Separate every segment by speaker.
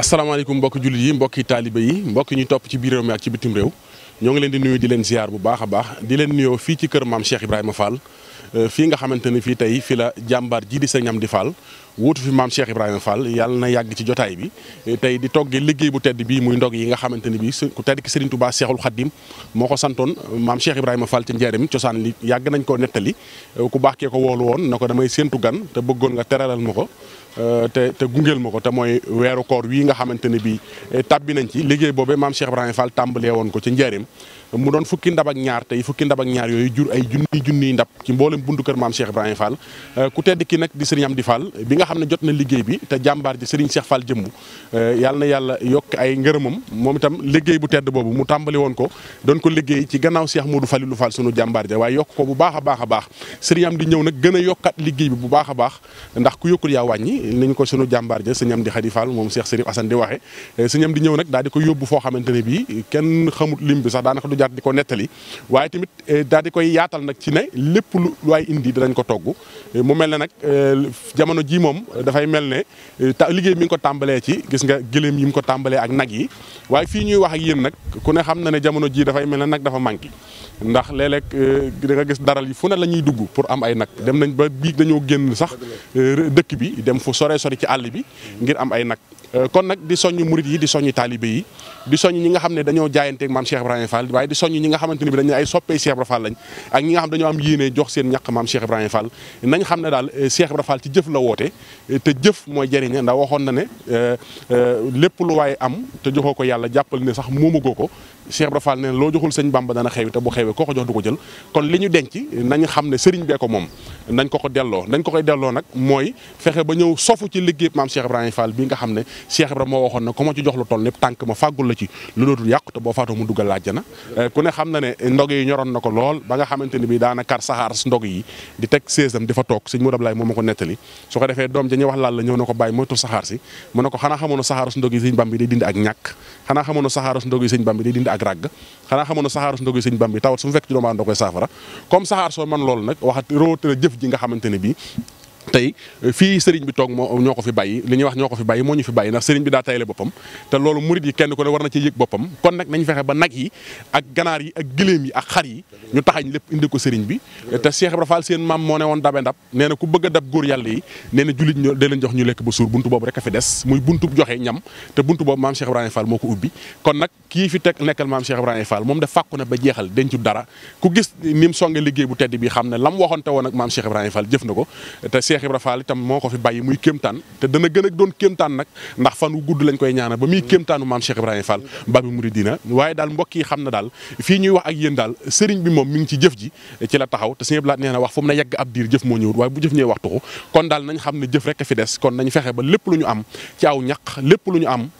Speaker 1: asalaamaaleykum mbokki jullit yi mbokki taalibe yi mbokki ñu topp ci biir réew mi ak ci bitim réew ñoo ngi leen di nuyu di leen ziar bu baax a baax di leen nuyoo fii ci kër maam Cheikh Ibrahima Fall Euh, fii nga xamante ni fii tey fi la jàmbaar ji di sëñ di Fall wuutu fi maam Cheikh Ibrahima Fall yàlla na yàgg ci jotaay bi euh, tey di toggee liggéey bu tedd bii muy ndog yi nga xamante ni bii ku tedd ki Serigne Touba Cheikhul Khadim moo ko santoon maam Cheikh Ibrahima Fall ci njaarim cosaan li yàgg nañ koo nettali euh, ku baax kee ko woolu woon na ko damay séentu gan te bëggoon nga teralal ma ko te te gungeel ma ko te mooy weeru koor wii nga xamante ne bii tàbbi nañ ci liggéey boobee maam Cheikh Ibrahima Fall tàmbalee woon ko ci njaarim mu doon fukki ndab ak ñaar tey fukki ndab ak ñaar yooyu jur ay junniy junniy ndab ci mboolem buntu kër maam Cheikh Ibrahima Fall euh, ku tedd ki nag di sëriñ Amdi Fall bi nga xam ne jot na liggéey bi te jàmbaar ji sëriñ Cheikh Fall jëmb euh, yàlla na yàlla yokk ay ngërëmam moom itam liggéey bu tedd boobu mu tàmbali woon ko doon ko liggéey ci gannaaw Cheikh Modou Falilou Fall sunu jàmbaar ja waaye yokk ko bu baax a baax a baax sëriñ Amdi ñëw nag gën a yokkaat liggéey a jaar di ko nettali waaye tamit eh, daal di koy yaatal nag ci ne lépp lu waay indi dinañ ko togg eh, mu mel ne nag eh, jamono ji moom dafay mel ne liggéey mi ngi ko tàmbalee ci gis nga gëléem yi mu ko tàmbalee ak nag yi waaye fii ñuy wax ak yéen nag ku ne xam na ne jamono ji dafay mel ne nag dafa manqué ndax léeg-léeg da gis daral yi fu ne la ñuy dugg pour am ay nag dem nañ ba biig dañoo génn sax dëkk bi dem fu sore sori ci àll bi ngir am ay nag Euh, kon nag di soññ murit yi di soññ taalibe yi di soññ ñi nga xam ne dañoo jaayanteeg maam Cheikh Ibrahima Fall waaye di soññ ñi nga xamante ni bi dañu ay soppee Cheikh Ibrahima Fall lañ ak nga xam dañoo am yéene jox seen ñàq maam Cheikh Ibrahima nañ xam ne daal euh, Cheikh Ibrahima Fall ci jëf la woote euh, te jëf mooy jëriñe ndax waxoon na ne lépp lu waaye am te joxoo ko yàlla jàppal ne sax moomagoo ko Cheikh Ibra Fall nee na loo joxul sëñ Bamba dana xewi te bu xewee koo ko jox du ko jël kon li ñu denc nañ xam ne sëriñ bee ko moom nañ ko ko delloo nañ ko koy delloo nag mooy fexe ba ñëw sofu ci liggéey maam Cheikh Ibrahima Fall bi nga xam ne Cheikh moo waxoon ne ku ma ci jox lu toll lépp tànk ma fàggul la ci lu dootul yàqu te boo faatoo mu duggal àjjana eh, ku ne xam ne ndog ñoroon na ko lool ba nga xamante ni daana kar saxaar si ndog yi sëñ ak ràgg xanaa xamoon na saxaaru su ndogu sëñ Bamba bi tawat su mu fekk ci doomu aadama da saafara comme saxaar soo man loolu nag waxat rawatina jëf ji nga xamante ne tey fii sëriñ bi toog moo ñoo ko fi bàyyi li ñu wax ñoo ko fi bàyyi moo ñu fi bàyyi ndax sëriñ bi daa tayle boppam te loolu murit yi kenn ku ne war na ci yëg boppam kon nag nañ fexe ba nag yi ak ganaar yi ak giléem yi lépp indi ko sëriñ bi te Cheikh Ibra Fall seen maam moo ne woon dabe ndab nee ku bëgg a dab góor yàlla yi jox ñu lekk ba suur buntu boobu rek a fi des muy buntu joxe ñam te buntu boobu maam Cheikh Ibrahima Fall moo ko ubbi kii fi teg nekkal maam Cheikh Ibrahima moom da fàkku na ba jeexal dencu dara ku gis ni mu songe liggéey bu tedd bi xam ne lam waxoonte woon ak maam Cheikh Ibrahima Fall jëf na ko Cheikh Ibra itam moo ko fi bàyyi muy kéemtaan te dana gën a doon kéemtaan nag ndax fan wu gudd lañ koy ñaanal ba muy kéemtaanu maam Cheikh Ibrahima Fall ba bi muridina waaye daal mbokk xam na daal fii ñuy wax ak yéen daal sëriñ bi moom mi ngi ci jëf ji ci la taxaw te sëñ nee na wax fu mu ne yegg ab diir jëf moo ñëwut waaye bu jëf ñëwee waxtu ko kon daal nañ xam ne jëf rek a fi des kon nañ fexe ba lépp lu ñu am ci aw ñaq lépp lu ñu am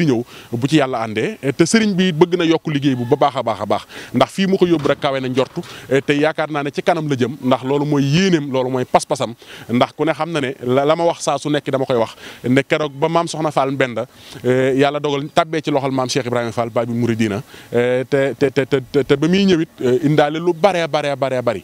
Speaker 1: moo bu ci yàlla àndee te sëriñ bi bëgg na yokk liggéey bu ba baax a baax a baax ndax fii mu ko yóbbu rek kawe na njortu te yaakaar naa ne ci kanam la jëm ndax loolu mooy yéeneem loolu mooy pas-pasam ndax ku ne xam na ne la ma wax saa su nekk dama koy wax ne keroog ba maam soxna Fall Mbenda eh, yàlla dogal tabbee ci loxol maam Cheikh Ibrahima Fall Baabul Muridiina eh, te te te te ba muy ñëwit eh, indaale lu baree baree baree bari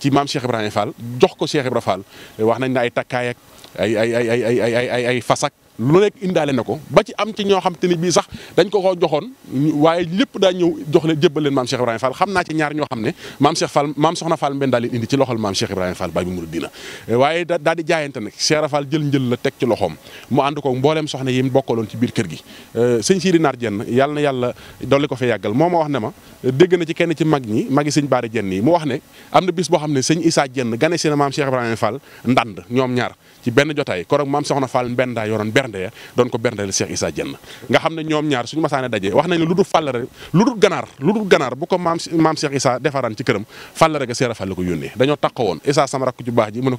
Speaker 1: ci maam Cheikh Ibrahima Fall jox ko Cheikh Ibrahima wax nañ ay takkaay ak ay ay ay ay ay ay fasak lu nekk indaale na ko ba ci am ci ñoo xam te ni bii sax dañ ko ko joxoon waaye lépp daa ñëw jox leen jébbal leen maam Cheikh Ibrahima Fall xam naa ci ñaar ñoo xam ne maam Cheikh Fall maam Soxna Fall Mbène daal leen indi ci loxol maam Cheikh eh, teg ci loxoom mu ànd ko mbooleem soxna yi mu bokkaloon ci biir kër gi eh, sëñ Sidi Naar Jenn yàlla na yàlla dolli ko fa yàggal moo ma wax ne ma na kenn ci mag ñi magi sëñ Baara Jenn yi wax ne am boo xam ne sëñ Issa Jenn gane si na maam Cheikh Ibrahima Fall ndand ñoom ñaar ci benn jotaay korog maam Soxna Fall Mbène daa bernde doon ko berndeel Cheikh Issa Diène nga xam ne ñoom ñaar suñu masaane dajee wax nañ lu dul fàllare lu lu dul ganaar bu ko maam maam Cheikh defaraan ci këram fàllare ga Seera Fall ko yónnee dañoo taqo woon Issa sama rakk ju baax ji mu ne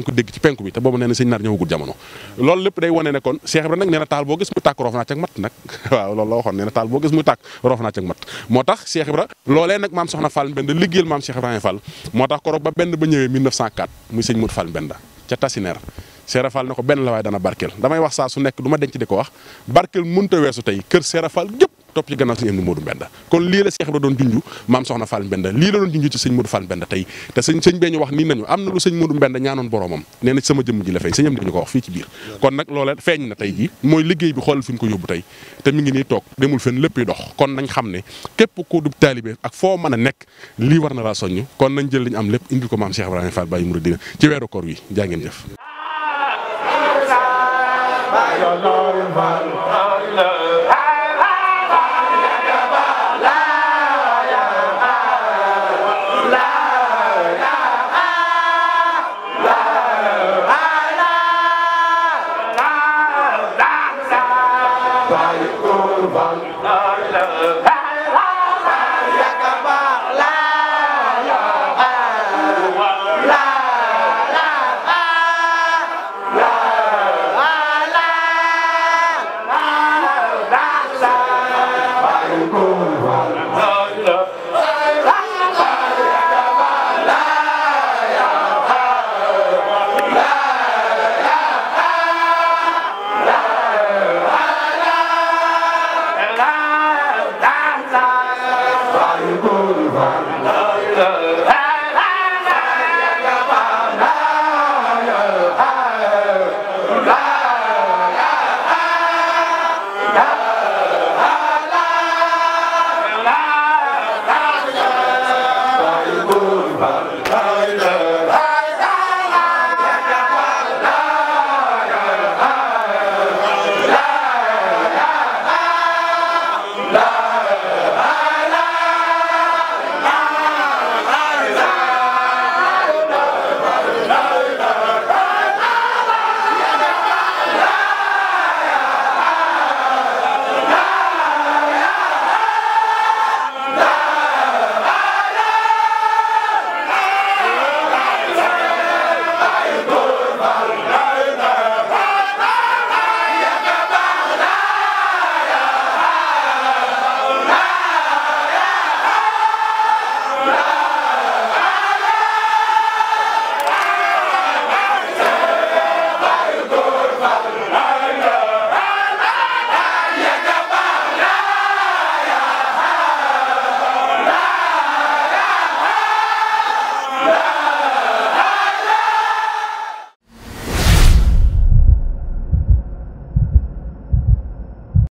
Speaker 1: ko dégg ci penku bi te boobu nee na Naar ñëwagul jamono loolu lépp day wone ne kon Ibra nag nee taal boo gis mu tàkk tàkk roof naa cak matt nag waaw loolu la waxoon nee na taal boo gis muy tàkk roof naa cak moo tax Cheikh loolee nag maam soxna Fall Mbenda liggéeyal maam Cheikh Ibrahima moo tax koroog ba benn ba ñëwee 1904 muy sëñ Modou Fall Mbenda ca Tasineer Seera Fall ne ko benn la waaye dana barkeel damay wax saa su nekk du denc di ko wax barkeel mënta weesu tey kër Seera Fall gépp topp ci gannaaw sëñ Amdi Modou Mbenda kon lii la Seex Ibra doon junj maam soxna Fall Mbenda lii la doon junj ci sëñ Modou Fall Mbenda tey te sëñ sëñ bee ñu wax nii nañu am na lu sëñ Modou Mbenda ñaanoon boromam nee na ci sama jëmm ji la feeñ sëñ Amdi ñu ko wax fii ci biir kon nag loola feeñ na tey ji mooy liggéey bi xoolal fi ñu ko yóbbu tey te mi ngi nii toog demul fenn lépp yi dox kon nañ xam ne képp ku du taalibe ak foo mën a nekk lii war na laa soññ nañ jël li ñu am lépp indi ko maam Cheikh Ibrahima Fall Baye Kurban.